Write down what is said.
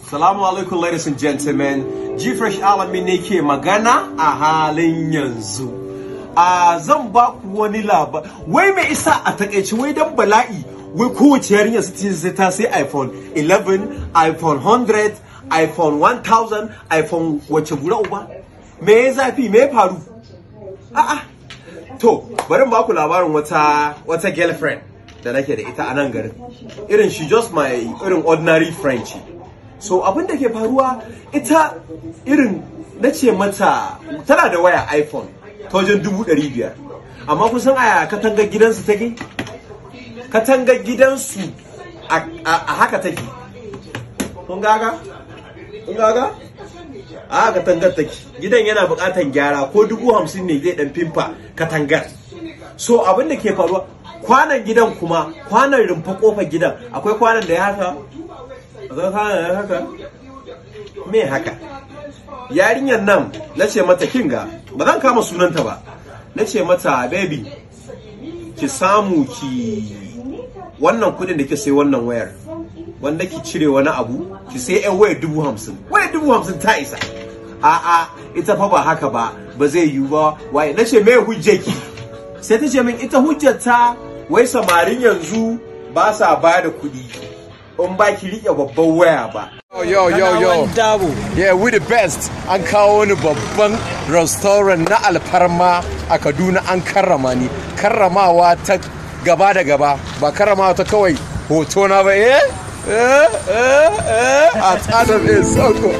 Salamu alaikum ladies and gentlemen, G-Fresh Alami ne ke magana a halin yanzu. A zan ba ku wani labar, wai mai isa a takaici wai dan bala'i, wai kowace yarinya sai ta sai iPhone 11, iPhone 100, iPhone 1000, iPhone wacce gura uba? Me ya zafi, me ya faru? A'a, to, bari ba ku labarin wata, wata girlfriend da nake da ita a nan garin. Irin she just my irin ordinary friend ce. so abin da ke faruwa ita irin na ce mata tana da waya iphone ta wajen dubu ɗari biyar amma kun san a katangar gidansu take katangar gidansu a haka take kun gaga kun gaga a haka katangar take gidan yana buƙatar gyara ko dubu hamsin ne zai ɗan fimfa katangar so abin da ke faruwa kwanan gidan kuma kwanan rumfa kofar gidan akwai kwanan da ya haka haka me haka yarinyar nan na ce mata kinga ba zan kama sunanta ba na ce mata baby ki samu ki wannan kudin da ke sai wannan wayar wanda ki cire wani abu ki sai yan waya dubu hamsin waya dubu hamsin ta isa a'a ita fa ba haka ba ba zai yiwu ba waye na ce me ki sai ta ce min ita hujjata wai samarin yanzu ba sa ba da kuɗi on ba ki rike babban waya ba yo yo yo yeah we the best an kawo ni babban restaurant na alfarma a kaduna an karrama ni karramawa ta gaba da gaba ba karramawa ta kawai hoto na ba eh eh eh eh a tsanar soko